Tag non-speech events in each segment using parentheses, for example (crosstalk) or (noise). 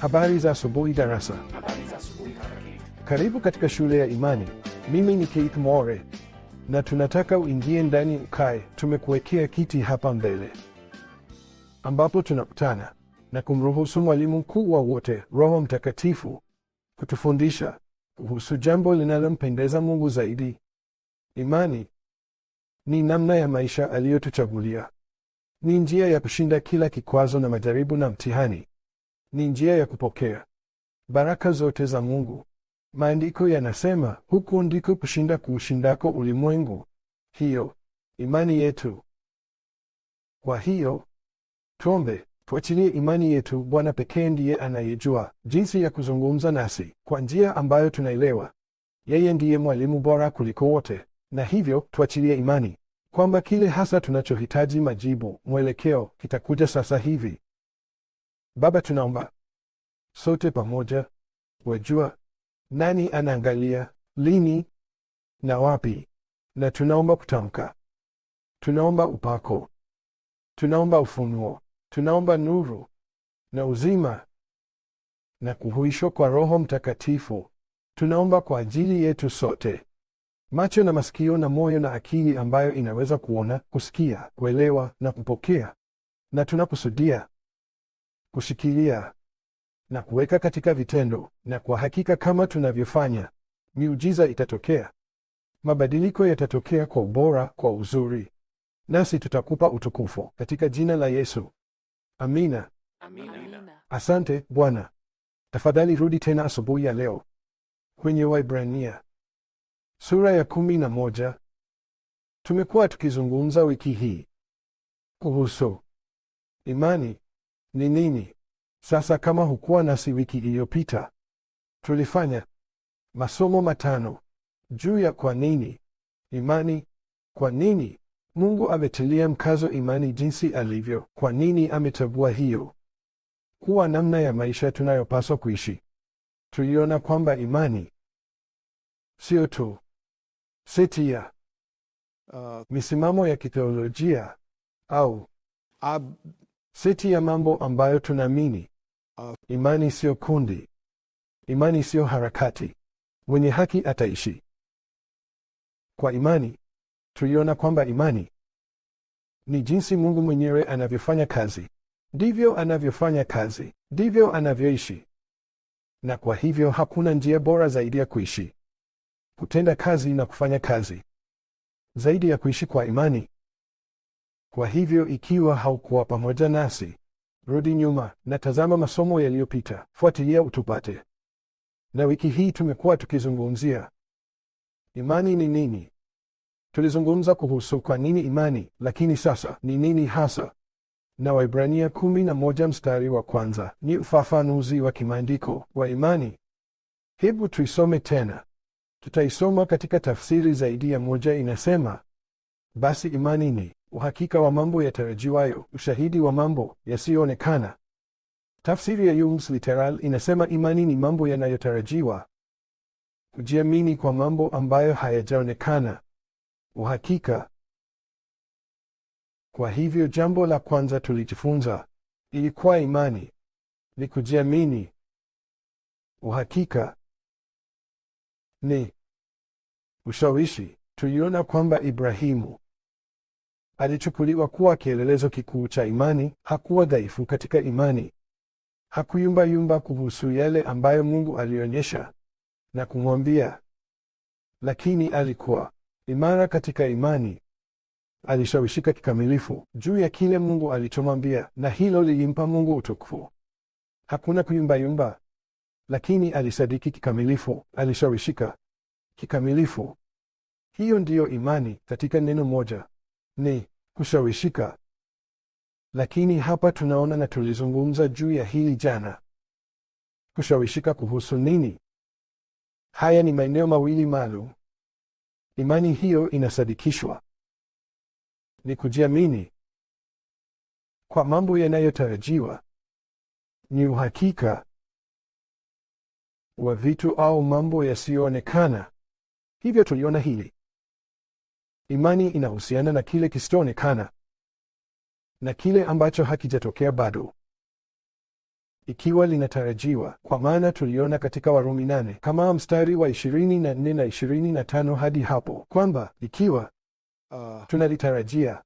Habari za asubuhi darasa. Karibu katika shule ya imani. Mimi ni Keith More na tunataka uingie ndani ukae. Tumekuwekea kiti hapa mbele ambapo tunakutana na kumruhusu mwalimu mkuu wa wote, Roho Mtakatifu, kutufundisha kuhusu jambo linalompendeza Mungu zaidi. Imani ni namna ya maisha aliyotuchagulia, ni njia ya kushinda kila kikwazo na majaribu na mtihani ni njia ya kupokea baraka zote za Mungu. Maandiko yanasema huku ndiko kushinda kuushindako ulimwengu, hiyo imani yetu. Kwa hiyo tuombe, tuachilie imani yetu. Bwana pekee ndiye anayejua jinsi ya kuzungumza nasi kwa njia ambayo tunaelewa. Yeye ndiye mwalimu bora kuliko wote, na hivyo tuachilie imani kwamba kile hasa tunachohitaji, majibu, mwelekeo, kitakuja sasa hivi. Baba, tunaomba sote pamoja, wajua nani anaangalia lini na wapi, na tunaomba kutamka, tunaomba upako, tunaomba ufunuo, tunaomba nuru na uzima na kuhuishwa kwa Roho Mtakatifu. Tunaomba kwa ajili yetu sote, macho na masikio na moyo na akili ambayo inaweza kuona, kusikia, kuelewa na kupokea, na tunakusudia kushikilia na kuweka katika vitendo, na kwa hakika kama tunavyofanya, miujiza itatokea, mabadiliko yatatokea kwa ubora, kwa uzuri, nasi tutakupa utukufu katika jina la Yesu. Amina, amina. Asante Bwana. Tafadhali rudi tena asubuhi ya leo kwenye Waibrania sura ya kumi na moja. Tumekuwa tukizungumza wiki hii kuhusu imani ni nini? Sasa kama hukuwa nasi wiki iliyopita, tulifanya masomo matano juu ya kwa nini imani, kwa nini Mungu ametilia mkazo imani jinsi alivyo, kwa nini ametabua hiyo kuwa namna ya maisha tunayopaswa kuishi. Tuliona kwamba imani sio tu seti ya uh, misimamo ya kiteolojia au Seti ya mambo ambayo tunaamini. Imani siyo kundi, imani siyo harakati. Mwenye haki ataishi kwa imani. Tuiona kwamba imani ni jinsi Mungu mwenyewe anavyofanya kazi, ndivyo anavyofanya kazi, ndivyo anavyoishi, na kwa hivyo hakuna njia bora zaidi ya kuishi, kutenda kazi na kufanya kazi, zaidi ya kuishi kwa imani. Kwa hivyo ikiwa haukuwa pamoja nasi, rudi nyuma na tazama masomo yaliyopita, fuatilia utupate. Na wiki hii tumekuwa tukizungumzia imani ni nini. Tulizungumza kuhusu kwa nini imani, lakini sasa ni nini hasa? Na Waibrania kumi na moja mstari wa kwanza ni ufafanuzi wa kimaandiko wa imani. Hebu tuisome tena, tutaisoma katika tafsiri zaidi ya moja. Inasema, basi imani ni uhakika wa mambo yatarajiwayo, ushahidi wa mambo yasiyoonekana. Tafsiri ya yums Literal inasema imani ni mambo yanayotarajiwa, kujiamini kwa mambo ambayo hayajaonekana, uhakika. Kwa hivyo jambo la kwanza tulijifunza ilikuwa imani ni kujiamini, uhakika ni ushawishi. Tuliona kwamba Ibrahimu alichukuliwa kuwa kielelezo kikuu cha imani. Hakuwa dhaifu katika imani, hakuyumbayumba kuhusu yale ambayo Mungu alionyesha na kumwambia, lakini alikuwa imara katika imani. Alishawishika kikamilifu juu ya kile Mungu alichomwambia, na hilo lilimpa Mungu utukufu. Hakuna kuyumbayumba, lakini alisadiki kikamilifu, alishawishika kikamilifu. Hiyo ndiyo imani katika neno moja, ni kushawishika, lakini hapa tunaona na tulizungumza juu ya hili jana. Kushawishika kuhusu nini? Haya ni maeneo mawili maalum. Imani hiyo inasadikishwa ni kujiamini kwa mambo yanayotarajiwa, ni uhakika wa vitu au mambo yasiyoonekana. Hivyo tuliona hili Imani inahusiana na kile kisichoonekana na kile ambacho hakijatokea bado, ikiwa linatarajiwa, kwa maana tuliona katika Warumi nane kama mstari wa ishirini na nne na ishirini na tano hadi hapo kwamba ikiwa uh, tunalitarajia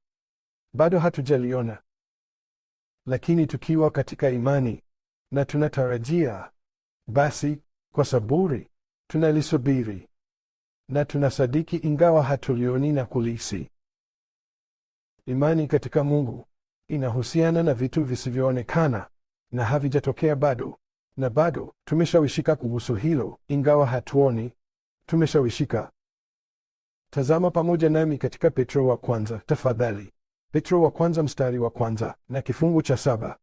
bado hatujaliona, lakini tukiwa katika imani na tunatarajia, basi kwa saburi tunalisubiri na tunasadiki ingawa hatulioni na kulisi. Imani katika Mungu inahusiana na vitu visivyoonekana na havijatokea bado, na bado tumeshawishika kuhusu hilo, ingawa hatuoni, tumeshawishika. Tazama pamoja nami katika Petro wa kwanza tafadhali. Petro wa kwanza mstari wa kwanza na kifungu cha saba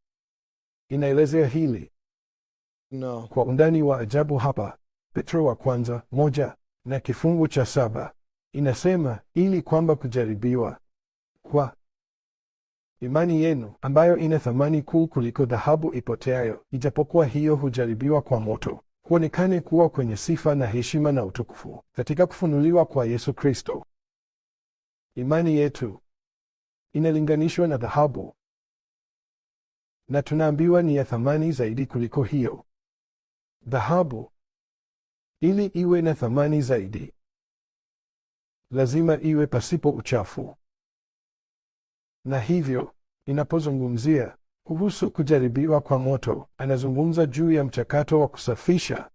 inaelezea hili no, kwa undani wa ajabu hapa. Petro wa kwanza moja na kifungu cha saba inasema ili kwamba kujaribiwa kwa imani yenu ambayo ina thamani kuu kuliko dhahabu ipoteayo, ijapokuwa hiyo hujaribiwa kwa moto, huonekane kuwa kwenye sifa na heshima na utukufu katika kufunuliwa kwa Yesu Kristo. Imani yetu inalinganishwa na dhahabu, na tunaambiwa ni ya thamani zaidi kuliko hiyo dhahabu. Ili iwe na thamani zaidi, lazima iwe pasipo uchafu. Na hivyo inapozungumzia kuhusu kujaribiwa kwa moto, anazungumza juu ya mchakato wa kusafisha.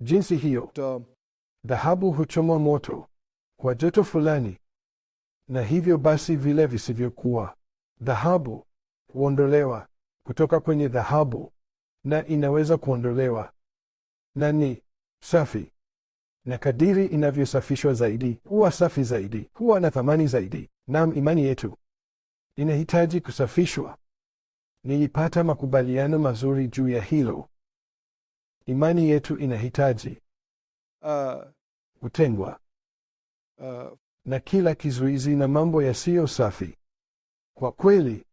Jinsi hiyo dhahabu huchomwa moto kwa joto fulani, na hivyo basi vile visivyokuwa dhahabu huondolewa kutoka kwenye dhahabu na inaweza kuondolewa ni safi, na kadiri inavyosafishwa zaidi huwa safi zaidi, huwa na thamani zaidi. nam imani yetu inahitaji kusafishwa. Nilipata makubaliano mazuri juu ya hilo. Imani yetu inahitaji ah. kutengwa uh, na kila kizuizi na mambo yasiyo safi. Kwa kweli,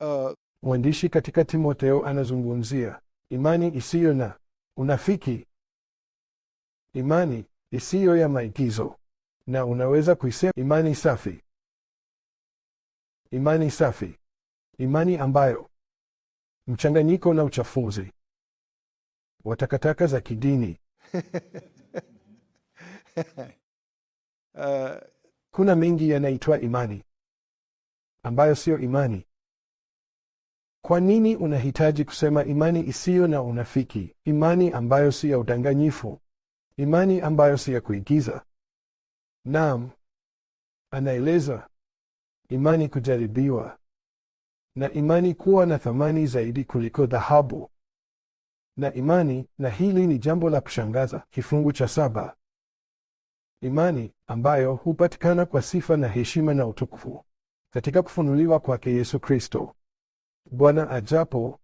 uh, mwandishi katika Timotheo anazungumzia imani isiyo na unafiki imani isiyo ya maigizo, na unaweza kuisema imani safi. Imani safi, imani ambayo mchanganyiko na uchafuzi wa takataka za kidini uh, (laughs) kuna mengi yanaitwa imani ambayo siyo imani. Kwa nini unahitaji kusema imani isiyo na unafiki, imani ambayo si ya udanganyifu? imani ambayo si ya kuigiza. nam anaeleza imani kujaribiwa na imani kuwa na thamani zaidi kuliko dhahabu na imani, na hili ni jambo la kushangaza. Kifungu cha saba, imani ambayo hupatikana kwa sifa na heshima na utukufu katika kufunuliwa kwake Yesu Kristo. Bwana ajapo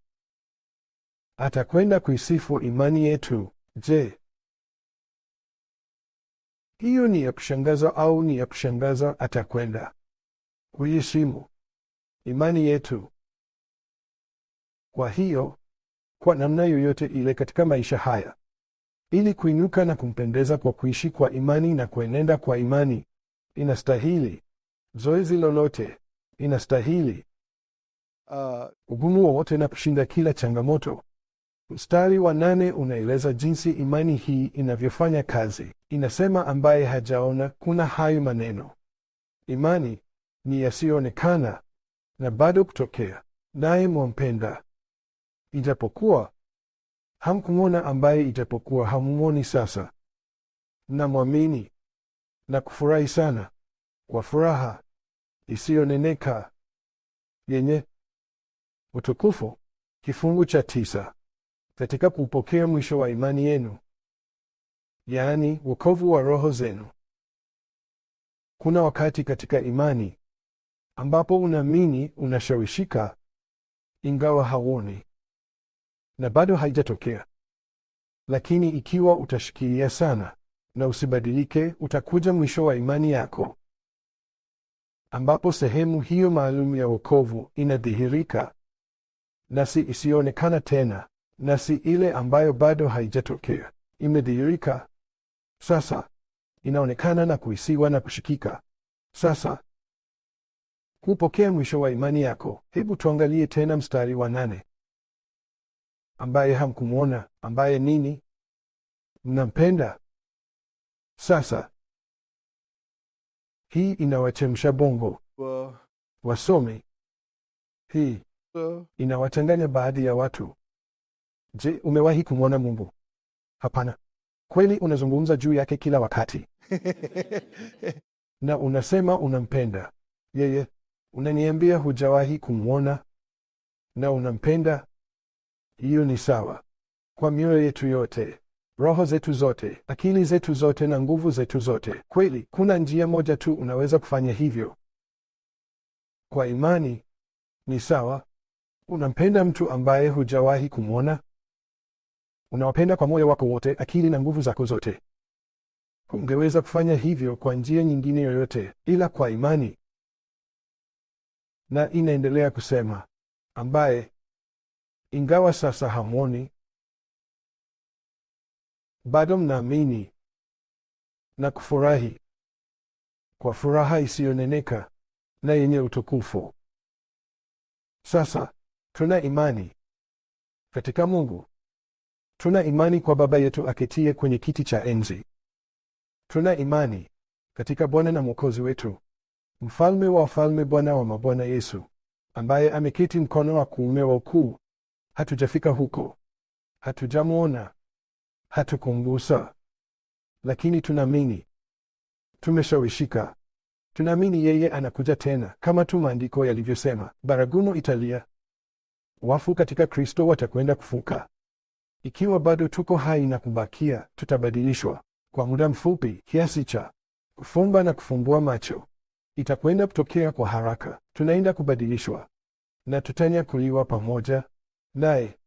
atakwenda kuisifu imani yetu. Je, hiyo ni ya kushangaza au ni ya kushangaza, atakwenda kuheshimu imani yetu. Kwa hiyo kwa namna yoyote ile katika maisha haya, ili kuinuka na kumpendeza kwa kuishi kwa imani na kuenenda kwa imani, inastahili zoezi lolote, inastahili uh, ugumu wowote na kushinda kila changamoto. Mstari wa nane unaeleza jinsi imani hii inavyofanya kazi. Inasema, ambaye hajaona kuna hayo maneno. Imani ni yasiyoonekana na bado kutokea, naye mwampenda ijapokuwa hamkumwona, ambaye ijapokuwa hamumwoni sasa, na mwamini na kufurahi sana kwa furaha isiyoneneka yenye utukufu. Kifungu cha tisa katika kupokea mwisho wa imani yenu, yaani wokovu wa roho zenu. Kuna wakati katika imani ambapo unaamini, unashawishika, ingawa hauoni na bado haijatokea. Lakini ikiwa utashikilia sana na usibadilike, utakuja mwisho wa imani yako, ambapo sehemu hiyo maalum ya wokovu inadhihirika, nasi isionekana tena na si ile ambayo bado haijatokea, imedhihirika sasa, inaonekana na kuhisiwa na kushikika sasa. Kupokea mwisho wa imani yako. Hebu tuangalie tena mstari wa nane. Ambaye hamkumwona ambaye nini mnampenda sasa. Hii inawachemsha bongo wasome hii inawachanganya baadhi ya watu. Je, umewahi kumwona Mungu? Hapana. Kweli unazungumza juu yake kila wakati (laughs) na unasema unampenda yeye. Unaniambia hujawahi kumwona na unampenda. Hiyo ni sawa kwa mioyo yetu yote, roho zetu zote, akili zetu zote na nguvu zetu zote. Kweli kuna njia moja tu unaweza kufanya hivyo kwa imani. Ni sawa unampenda mtu ambaye hujawahi kumwona unawapenda kwa moyo wako wote, akili na nguvu zako zote. Ungeweza kufanya hivyo kwa njia nyingine yoyote ila kwa imani. Na inaendelea kusema, ambaye ingawa sasa hamwoni, bado mnaamini na kufurahi kwa furaha isiyoneneka na yenye utukufu. Sasa tuna imani katika Mungu Tuna imani kwa Baba yetu aketie kwenye kiti cha enzi. Tuna imani katika Bwana na Mwokozi wetu, mfalme wa wafalme, Bwana wa mabwana, Yesu ambaye ameketi mkono wa kuume wa ukuu. Hatujafika huko, hatujamwona, hatukumgusa, lakini tunaamini, tumeshawishika. Tunaamini yeye anakuja tena, kama tu maandiko yalivyosema, baragumu italia, wafu katika Kristo watakwenda kufuka. Ikiwa bado tuko hai na kubakia, tutabadilishwa kwa muda mfupi kiasi cha kufumba na kufumbua macho. Itakwenda kutokea kwa haraka, tunaenda kubadilishwa na tutanyakuliwa pamoja naye.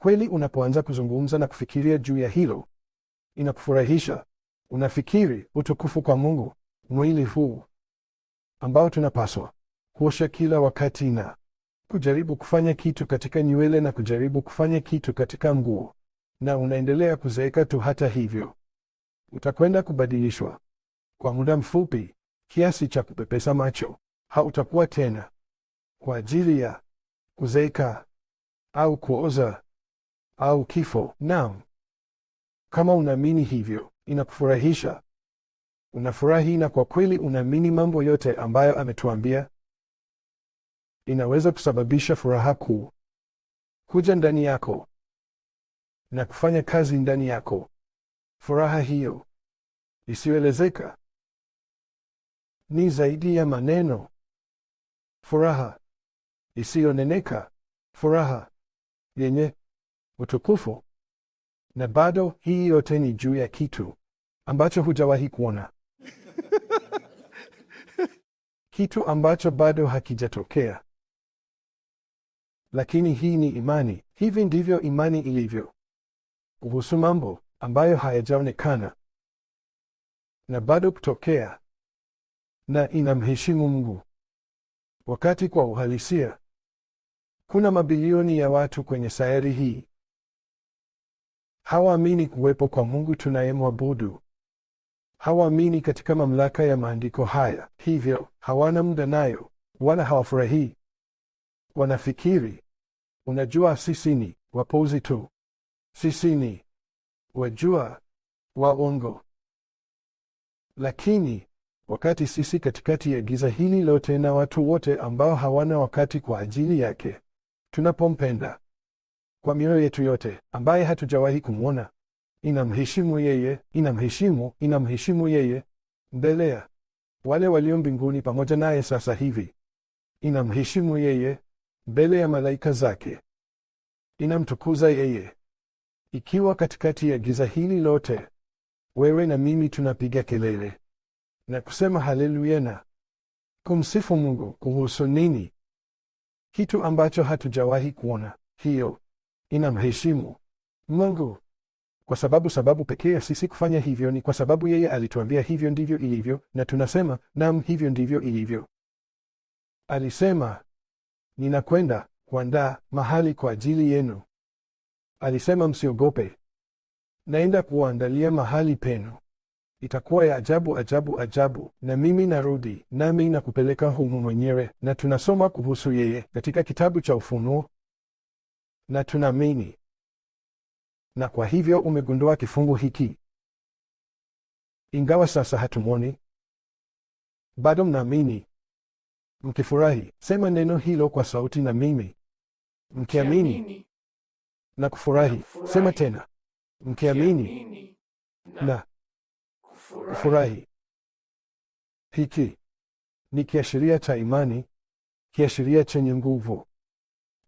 Kweli, unapoanza kuzungumza na kufikiria juu ya hilo, inakufurahisha. Unafikiri utukufu kwa Mungu, mwili huu ambao tunapaswa kuosha kila wakati na kujaribu kufanya kitu katika nywele na kujaribu kufanya kitu katika nguo, na unaendelea kuzeeka tu. Hata hivyo, utakwenda kubadilishwa kwa muda mfupi kiasi cha kupepesa macho. Hautakuwa tena kwa ajili ya kuzeeka au kuoza au kifo. Naam, kama unaamini hivyo, inakufurahisha, unafurahi na kwa kweli unaamini mambo yote ambayo ametuambia inaweza kusababisha furaha kuu kuja ndani yako na kufanya kazi ndani yako. Furaha hiyo isiyoelezeka ni zaidi ya maneno, furaha isiyoneneka, furaha yenye utukufu. Na bado hii yote ni juu ya kitu ambacho hujawahi kuona, (laughs) kitu ambacho bado hakijatokea lakini hii ni imani. Hivi ndivyo imani ilivyo kuhusu mambo ambayo hayajaonekana na bado kutokea, na inamheshimu Mungu wakati kwa uhalisia. Kuna mabilioni ya watu kwenye sayari hii hawaamini kuwepo kwa Mungu tunayemwabudu. Hawaamini katika mamlaka ya maandiko haya, hivyo hawana muda nayo wala hawafurahii wanafikiri, unajua, sisi ni wapozi tu, sisi ni wajua waongo. Lakini wakati sisi katikati ya giza hili lote na watu wote ambao hawana wakati kwa ajili yake, tunapompenda kwa mioyo yetu yote, ambaye hatujawahi kumwona, inamheshimu yeye, inamheshimu, inamheshimu yeye mbelea wale walio mbinguni pamoja naye sasa hivi, inamheshimu yeye mbele ya malaika zake, inamtukuza yeye. Ikiwa katikati ya giza hili lote wewe na mimi tunapiga kelele na kusema haleluya na kumsifu Mungu kuhusu nini? Kitu ambacho hatujawahi kuona. Hiyo inamheshimu Mungu, kwa sababu sababu pekee ya sisi kufanya hivyo ni kwa sababu yeye alituambia hivyo ndivyo ilivyo, na tunasema nam, hivyo ndivyo ilivyo. Alisema ninakwenda kuandaa mahali kwa ajili yenu. Alisema, msiogope, naenda kuwaandalia mahali penu. Itakuwa ya ajabu ajabu ajabu, na mimi narudi, nami nakupeleka humu mwenyewe. Na tunasoma kuhusu yeye katika kitabu cha Ufunuo na tunaamini. Na kwa hivyo umegundua kifungu hiki, ingawa sasa hatumwoni, bado mnaamini mkifurahi, sema neno hilo kwa sauti na mimi. Mkiamini na kufurahi, sema tena. Mkiamini na kufurahi. Hiki ni kiashiria cha imani, kiashiria chenye nguvu.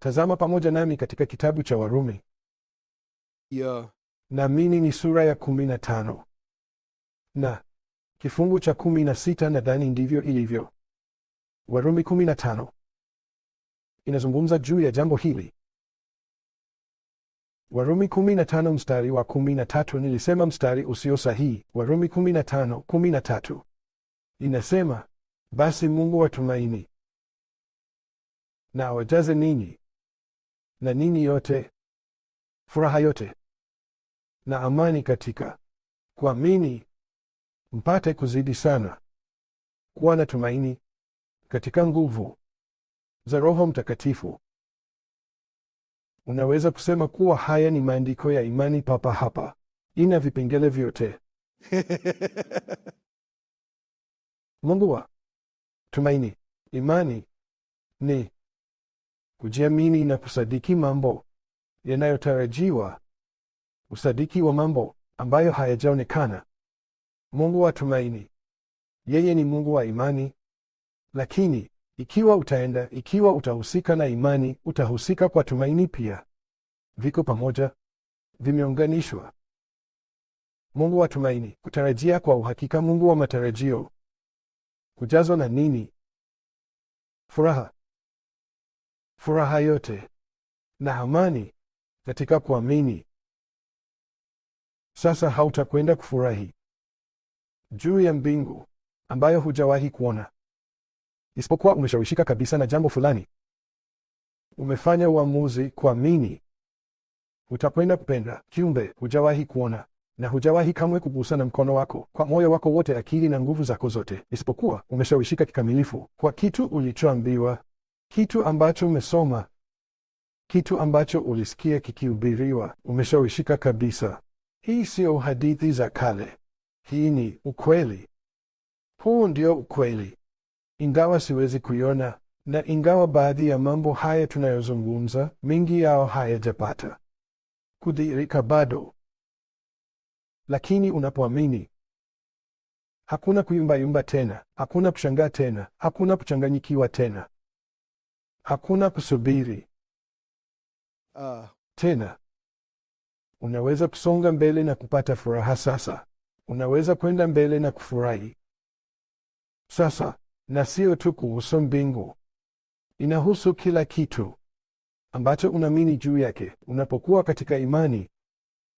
Tazama pamoja nami katika kitabu cha Warumi yeah. Naamini ni sura ya kumi na tano na kifungu cha kumi na sita nadhani ndivyo ilivyo. Warumi kumi tano inazungumza juu ya jambo hili. Warumi 15 tano mstari wa kumi tatu nilisema mstari usio sahihi. Warumi kumi tano tatu inasema basi Mungu wa tumaini na awajaze ninyi na ninyi yote furaha yote na amani katika kuamini, mpate kuzidi sana kuwa na tumaini katika nguvu za Roho Mtakatifu. Unaweza kusema kuwa haya ni maandiko ya imani papa hapa. Ina vipengele vyote. (laughs) Mungu wa tumaini, imani ni kujiamini na kusadiki mambo yanayotarajiwa, usadiki wa mambo ambayo hayajaonekana. Mungu wa tumaini, yeye ni Mungu wa imani. Lakini ikiwa utaenda, ikiwa utahusika na imani, utahusika kwa tumaini pia. Viko pamoja, vimeunganishwa. Mungu wa tumaini, kutarajia kwa uhakika, Mungu wa matarajio. Kujazwa na nini? Furaha, furaha yote na amani katika kuamini. Sasa hautakwenda kufurahi juu ya mbingu ambayo hujawahi kuona Isipokuwa umeshawishika kabisa na jambo fulani, umefanya uamuzi kuamini, utakwenda kupenda kiumbe hujawahi kuona na hujawahi kamwe kugusa na mkono wako kwa moyo wako wote, akili na nguvu zako zote, isipokuwa umeshawishika kikamilifu kwa kitu ulichoambiwa, kitu ambacho umesoma, kitu ambacho ulisikia kikihubiriwa. Umeshawishika kabisa. Hii siyo hadithi za kale, hii ni ukweli. Huu ndio ukweli. Ingawa siwezi kuiona na ingawa baadhi ya mambo haya tunayozungumza, mengi yao hayajapata kudhihirika bado, lakini unapoamini hakuna kuyumbayumba tena, hakuna kushangaa tena, hakuna kuchanganyikiwa tena, hakuna kusubiri uh, tena. Unaweza kusonga mbele na kupata furaha sasa. Unaweza kwenda mbele na kufurahi sasa na siyo tu kuhusu mbingu. Inahusu kila kitu ambacho unaamini juu yake. Unapokuwa katika imani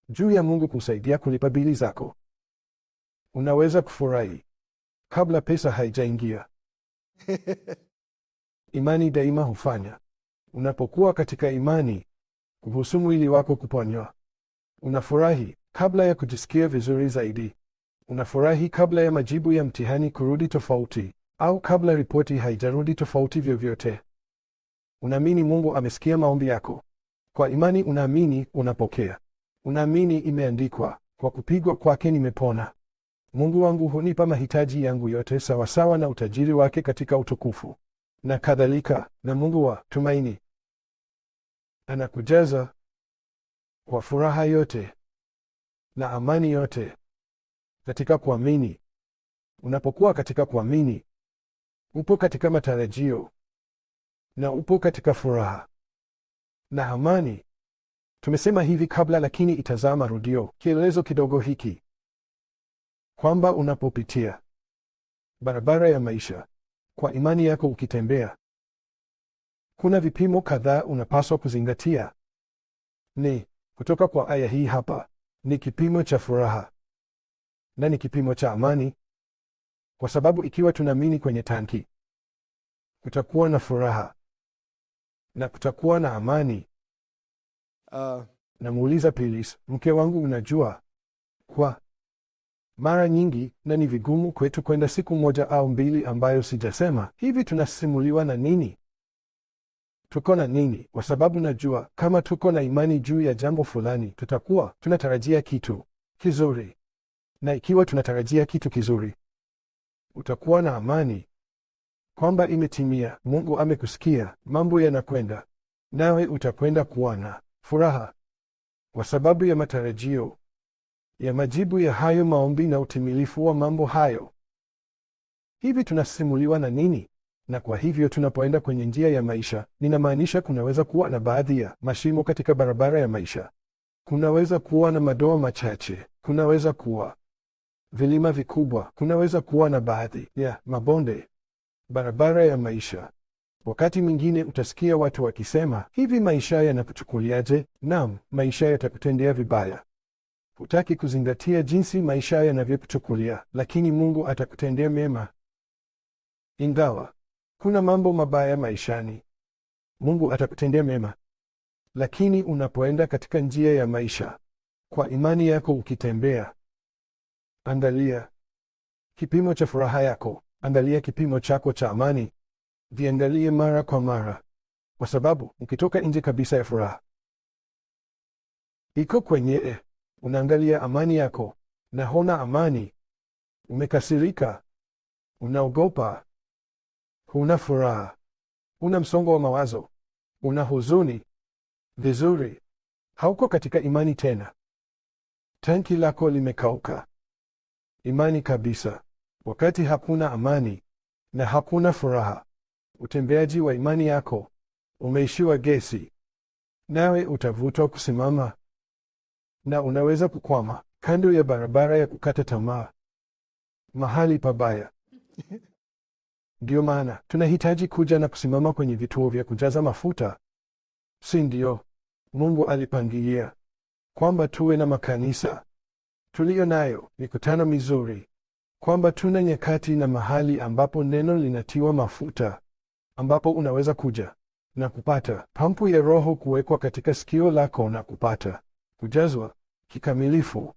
juu ya Mungu kusaidia kulipa bili zako, unaweza kufurahi kabla pesa haijaingia. (laughs) Imani daima hufanya. Unapokuwa katika imani kuhusu mwili wako kuponywa, unafurahi kabla ya kujisikia vizuri zaidi. Unafurahi kabla ya majibu ya mtihani kurudi tofauti au kabla ripoti haijarudi tofauti vyovyote. Unaamini Mungu amesikia maombi yako. Kwa imani unaamini, unapokea. Unaamini imeandikwa, kwa kupigwa kwake nimepona. Mungu wangu hunipa mahitaji yangu yote sawasawa na utajiri wake katika utukufu, na kadhalika. Na Mungu wa tumaini anakujaza kwa furaha yote na amani yote katika kuamini. Unapokuwa katika kuamini upo katika matarajio na upo katika furaha na amani. Tumesema hivi kabla, lakini itazama rudio kielezo kidogo hiki kwamba unapopitia barabara ya maisha kwa imani yako ukitembea, kuna vipimo kadhaa unapaswa kuzingatia. Ni kutoka kwa aya hii hapa, ni kipimo cha furaha na ni kipimo cha amani kwa sababu ikiwa tunaamini kwenye tanki, kutakuwa na furaha na kutakuwa na amani. Uh, namuuliza Pilis, mke wangu, unajua kwa mara nyingi na ni vigumu kwetu kwenda siku moja au mbili ambayo sijasema hivi. Tunasimuliwa na nini? Tuko na nini? Kwa sababu najua kama tuko na imani juu ya jambo fulani, tutakuwa tunatarajia kitu kizuri, na ikiwa tunatarajia kitu kizuri utakuwa na amani kwamba imetimia, Mungu amekusikia, mambo yanakwenda, nawe utakwenda kuwa na furaha kwa sababu ya matarajio ya majibu ya hayo maombi na utimilifu wa mambo hayo. Hivi tunasimuliwa na nini? Na kwa hivyo tunapoenda kwenye njia ya maisha, ninamaanisha kunaweza kuwa na baadhi ya mashimo katika barabara ya maisha, kunaweza kuwa na madoa machache, kunaweza kuwa vilima vikubwa, kunaweza kuwa na baadhi ya mabonde, barabara ya maisha. Wakati mwingine utasikia watu wakisema hivi, maisha yanakuchukuliaje? nam maisha yatakutendea vibaya. Hutaki kuzingatia jinsi maisha yanavyokuchukulia, lakini Mungu atakutendea mema, ingawa kuna mambo mabaya maishani. Mungu atakutendea mema, lakini unapoenda katika njia ya maisha kwa imani yako ukitembea Andalia kipimo cha furaha yako, andalia kipimo chako cha amani. Viangalie mara kwa mara, kwa sababu ukitoka nje kabisa ya furaha iko kwenye eh, unaangalia amani yako na huna amani, umekasirika, unaogopa, huna furaha, una msongo wa mawazo, una huzuni. Vizuri, hauko katika imani tena, tanki lako limekauka imani kabisa. Wakati hakuna amani na hakuna furaha, utembeaji wa imani yako umeishiwa gesi, nawe utavutwa kusimama na unaweza kukwama kando ya barabara ya kukata tamaa, mahali pabaya. (laughs) Ndiyo maana tunahitaji kuja na kusimama kwenye vituo vya kujaza mafuta, si ndio? Mungu alipangilia kwamba tuwe na makanisa tuliyo nayo mikutano mizuri, kwamba tuna nyakati na mahali ambapo neno linatiwa mafuta, ambapo unaweza kuja na kupata pampu ya Roho kuwekwa katika sikio lako na kupata kujazwa kikamilifu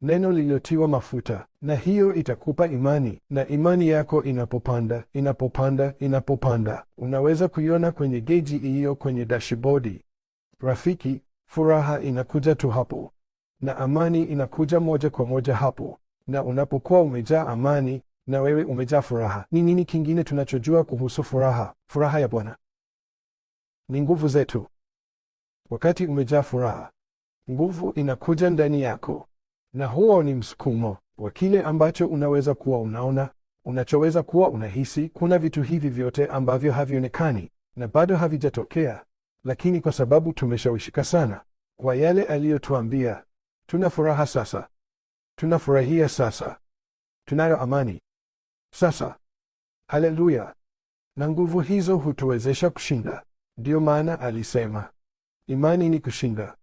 neno lililotiwa mafuta, na hiyo itakupa imani. Na imani yako inapopanda inapopanda inapopanda, unaweza kuiona kwenye geji iliyo kwenye dashibodi. Rafiki, furaha inakuja tu hapo na amani inakuja moja kwa moja hapo. Na unapokuwa umejaa amani na wewe umejaa furaha. Ni nini kingine tunachojua kuhusu furaha? Furaha ya Bwana ni nguvu zetu. Wakati umejaa furaha, nguvu inakuja ndani yako, na huo ni msukumo wa kile ambacho unaweza kuwa unaona, unachoweza kuwa unahisi. Kuna vitu hivi vyote ambavyo havionekani na bado havijatokea, lakini kwa sababu tumeshawishika sana kwa yale aliyotuambia Tuna furaha sasa, tunafurahia sasa, tunayo amani sasa. Haleluya! Na nguvu hizo hutuwezesha kushinda. Ndiyo maana alisema imani ni kushinda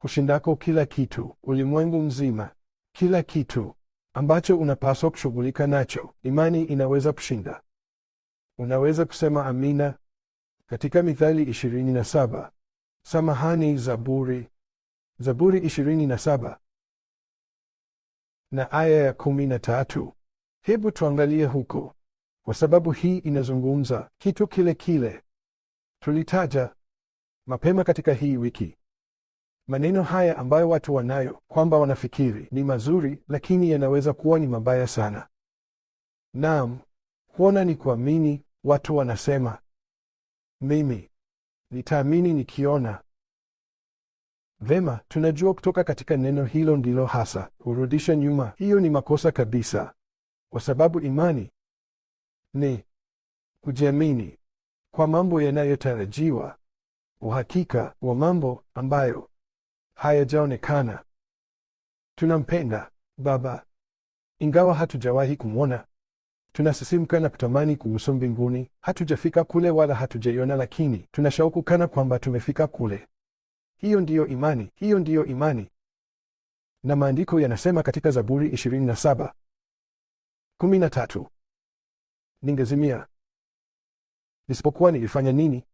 kushindako kila kitu, ulimwengu mzima, kila kitu ambacho unapaswa kushughulika nacho, imani inaweza kushinda. Unaweza kusema amina katika Mithali 27. Samahani, Zaburi Zaburi ishirini na saba na aya ya kumi na tatu. Hebu tuangalie huko, kwa sababu hii inazungumza kitu kile kile tulitaja mapema katika hii wiki. Maneno haya ambayo watu wanayo kwamba wanafikiri ni mazuri, lakini yanaweza kuwa ni mabaya sana. Naam, kuona ni kuamini. Watu wanasema mimi nitaamini nikiona Vema, tunajua kutoka katika neno hilo ndilo hasa hurudisha nyuma. Hiyo ni makosa kabisa, kwa sababu imani ni kujiamini kwa mambo yanayotarajiwa, uhakika wa mambo ambayo hayajaonekana. Tunampenda Baba ingawa hatujawahi kumwona, tunasisimka na kutamani kuhusu mbinguni. Hatujafika kule wala hatujaiona, lakini tunashauku kana kwamba tumefika kule. Hiyo ndiyo imani, hiyo ndiyo imani. Na maandiko yanasema katika Zaburi 27 13, ningezimia nisipokuwa nilifanya nini?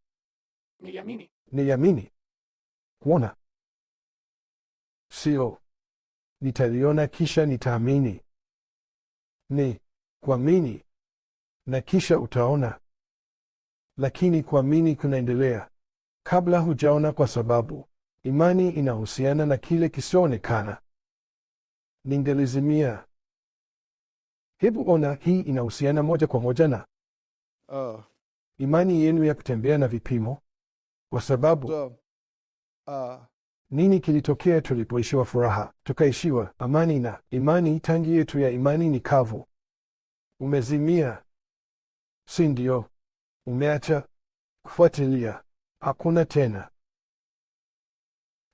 Niliamini, niliamini kuona, sio nitaliona kisha nitaamini. Ni kuamini na kisha utaona, lakini kuamini kunaendelea kabla hujaona, kwa sababu Imani inahusiana na kile kisioonekana. Ningelizimia. Hebu ona, hii inahusiana moja kwa moja na uh, imani yenu ya kutembea na vipimo, kwa sababu so, uh, nini kilitokea tulipoishiwa furaha tukaishiwa amani? Na imani tangi yetu ya imani ni kavu. Umezimia, si ndio? Umeacha kufuatilia, hakuna tena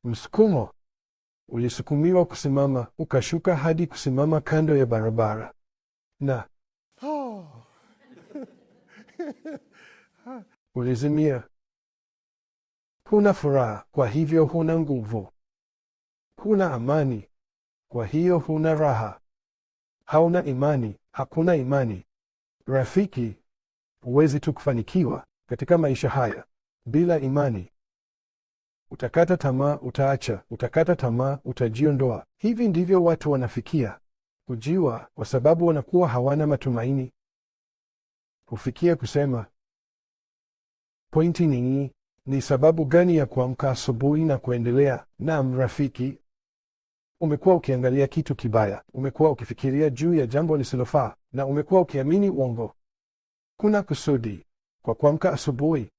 Msukumo ulisukumiwa kusimama ukashuka hadi kusimama kando ya barabara na oh. (laughs) ulizimia. Huna furaha, kwa hivyo huna nguvu. Huna amani, kwa hiyo huna raha. Hauna imani, hakuna imani. Rafiki, huwezi tu kufanikiwa katika maisha haya bila imani utakata tamaa, utaacha, utakata tamaa, utajiondoa. Hivi ndivyo watu wanafikia kujiwa, kwa sababu wanakuwa hawana matumaini. Hufikia kusema. Pointi ni ni sababu gani ya kuamka asubuhi na kuendelea? Naam rafiki, umekuwa ukiangalia kitu kibaya, umekuwa ukifikiria juu ya jambo lisilofaa, na umekuwa ukiamini uongo. Kuna kusudi kwa kuamka asubuhi,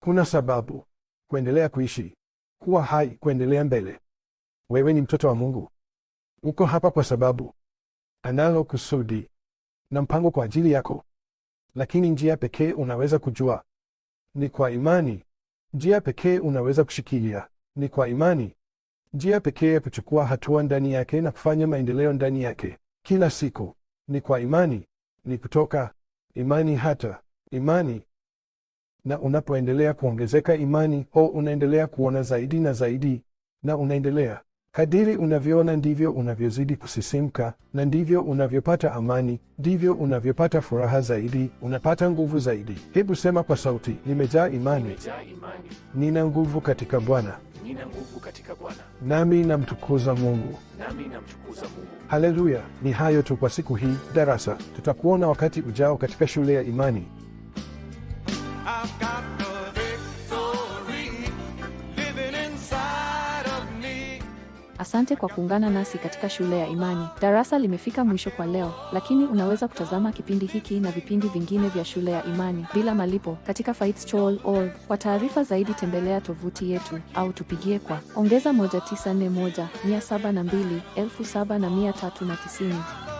kuna sababu kuendelea kuishi, kuwa hai, kuendelea mbele. Wewe ni mtoto wa Mungu, uko hapa kwa sababu analo kusudi na mpango kwa ajili yako, lakini njia pekee unaweza kujua ni kwa imani. Njia pekee unaweza kushikilia ni kwa imani. Njia pekee ya kuchukua hatua ndani yake na kufanya maendeleo ndani yake kila siku ni kwa imani, ni kutoka imani hata imani na unapoendelea kuongezeka imani ho, unaendelea kuona zaidi na zaidi, na unaendelea kadiri unavyoona ndivyo unavyozidi kusisimka, na ndivyo unavyopata amani, ndivyo unavyopata furaha zaidi, unapata nguvu zaidi. Hebu sema kwa sauti, nimejaa imani, nimejaa imani. Nina nguvu katika Bwana, nina nguvu katika Bwana, nami namtukuza Mungu, nami namtukuza Mungu. Haleluya! Ni hayo tu kwa siku hii darasa. Tutakuona wakati ujao katika shule ya imani. Asante kwa kuungana nasi katika Shule ya Imani. Darasa limefika mwisho kwa leo, lakini unaweza kutazama kipindi hiki na vipindi vingine vya Shule ya Imani bila malipo katika faithschool.org. Kwa taarifa zaidi tembelea tovuti yetu au tupigie kwa ongeza 1941 702 7390.